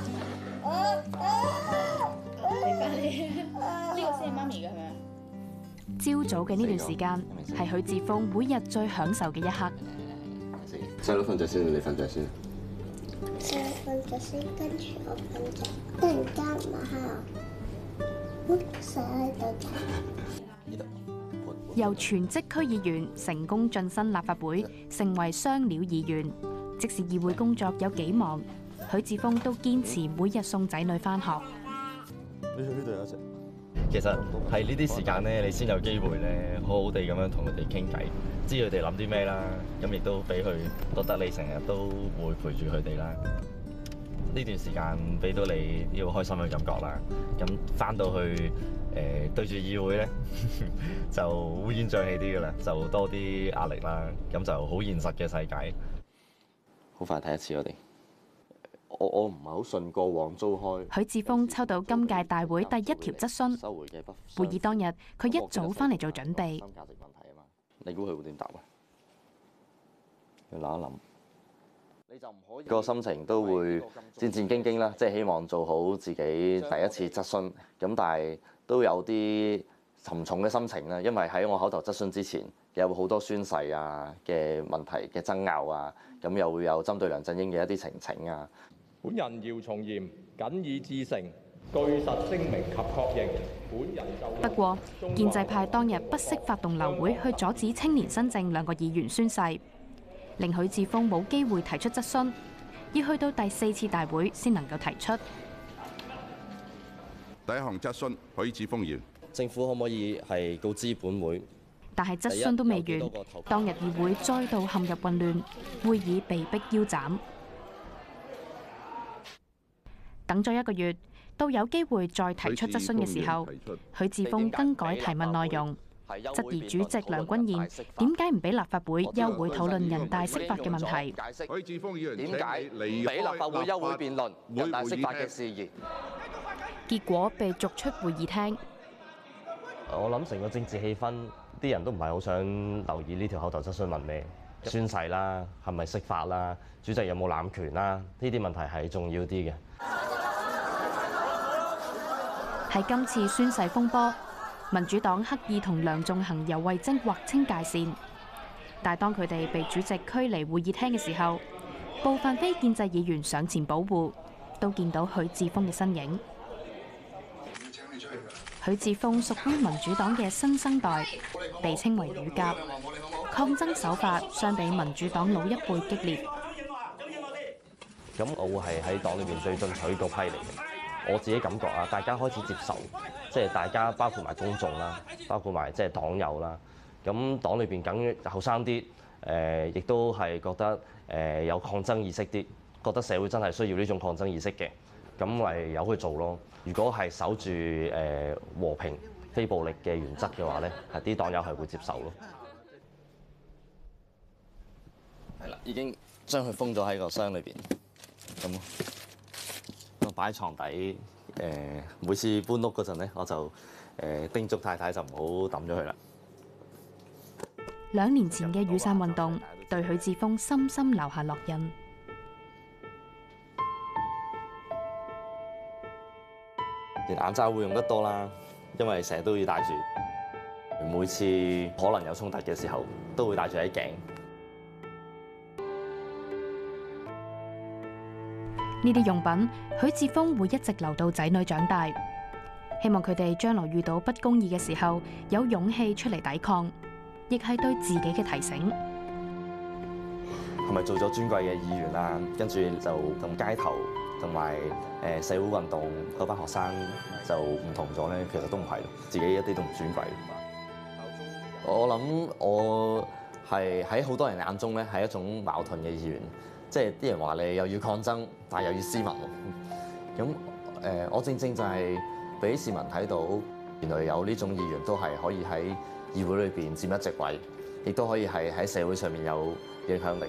嚟翻你呢個先係媽咪噶，係咪？朝早嘅呢段時間係許智峯每日最享受嘅一刻。細佬瞓着先，你瞓着先。細佬瞓着先，跟住我瞓着。突然間唔喺，唔想喺度睇。由全職區議員成功晉身立法會，成為雙料議員，即使議會工作有幾忙。許智峯都堅持每日送仔女翻學。其實係呢啲時間咧，你先有機會咧，好好地咁樣同佢哋傾偈，知佢哋諗啲咩啦。咁亦都俾佢覺得你成日都會陪住佢哋啦。呢段時間俾到你呢個開心嘅感覺啦。咁翻到去誒、呃、對住議會咧，就烏煙瘴氣啲噶啦，就多啲壓力啦。咁就好現實嘅世界，好快睇一次我哋。我我唔係好信過往租開。許智峯抽到今屆大會第一條質詢。收回嘅會議當日，佢一早翻嚟做準備。價值問題啊嘛。你估佢會點答啊？佢諗一諗。你就唔可以。個心情都會戰戰兢兢啦，即係希望做好自己第一次質詢。咁但係都有啲沉重嘅心情啦，因為喺我口頭質詢之前，有好多宣誓啊嘅問題嘅爭拗啊，咁又會有針對梁振英嘅一啲情情啊。本人姚松炎，謹以至誠，據實聲明及確認。本人就不過，建制派當日不惜發動流會去阻止青年新政兩個議員宣誓，令許智峯冇機會提出質詢，要去到第四次大會先能夠提出。第一項質詢，許智峯言：政府可唔可以係告知本會？但係質詢都未完，當日議會再度陷入混亂，會議被迫腰斬。等咗一個月，到有機會再提出質詢嘅時候，許智峯更改提問內容，質疑主席梁君彥點解唔俾立法會休會討論人大釋法嘅問題。許智峯點解唔俾立法會休會辯論人大釋法嘅事宜？結果被逐出會議廳。我諗成個政治氣氛啲人都唔係好想留意呢條口頭質詢問咩宣誓啦，係咪釋法啦？主席有冇濫權啦？呢啲問題係重要啲嘅。喺今次宣誓風波，民主黨刻意同梁頌恆、游蕙禎劃清界線，但當佢哋被主席驅離會議廳嘅時候，部分非建制議員上前保護，都見到許智峯嘅身影。許智峯屬於民主黨嘅新生代，被稱為乳鴿，抗爭手法相比民主黨老一輩激烈。咁我係喺黨裏面最進取嗰批嚟嘅。我自己感覺啊，大家開始接受，即係大家包括埋公眾啦，包括埋即係黨友啦。咁黨裏邊梗後生啲，誒亦都係覺得誒有抗爭意識啲，覺得社會真係需要呢種抗爭意識嘅，咁咪由佢做咯。如果係守住誒和平、非暴力嘅原則嘅話咧，係啲黨友係會接受咯。係啦，已經將佢封咗喺個箱裏邊，咁。擺喺床底，誒每次搬屋嗰陣咧，我就誒叮囑太太就唔好抌咗佢啦。兩年前嘅雨傘運動，對許智峯深深留下烙印。連眼罩我會用得多啦，因為成日都要戴住。每次可能有衝突嘅時候，都會戴住喺頸。呢啲用品，許智峯會一直留到仔女長大，希望佢哋將來遇到不公義嘅時候，有勇氣出嚟抵抗，亦係對自己嘅提醒。係咪做咗尊貴嘅議員啊？接跟住就咁，街頭同埋誒，社會運動嗰班學生就唔同咗咧。其實都唔係，自己一啲都唔尊貴。我諗我係喺好多人眼中咧，係一種矛盾嘅議員。即係啲人話你又要抗爭，但係又要斯文。咁誒，我正正就係、是、俾市民睇到，原來有呢種議員都係可以喺議會裏邊佔一席位，亦都可以係喺社會上面有影響力。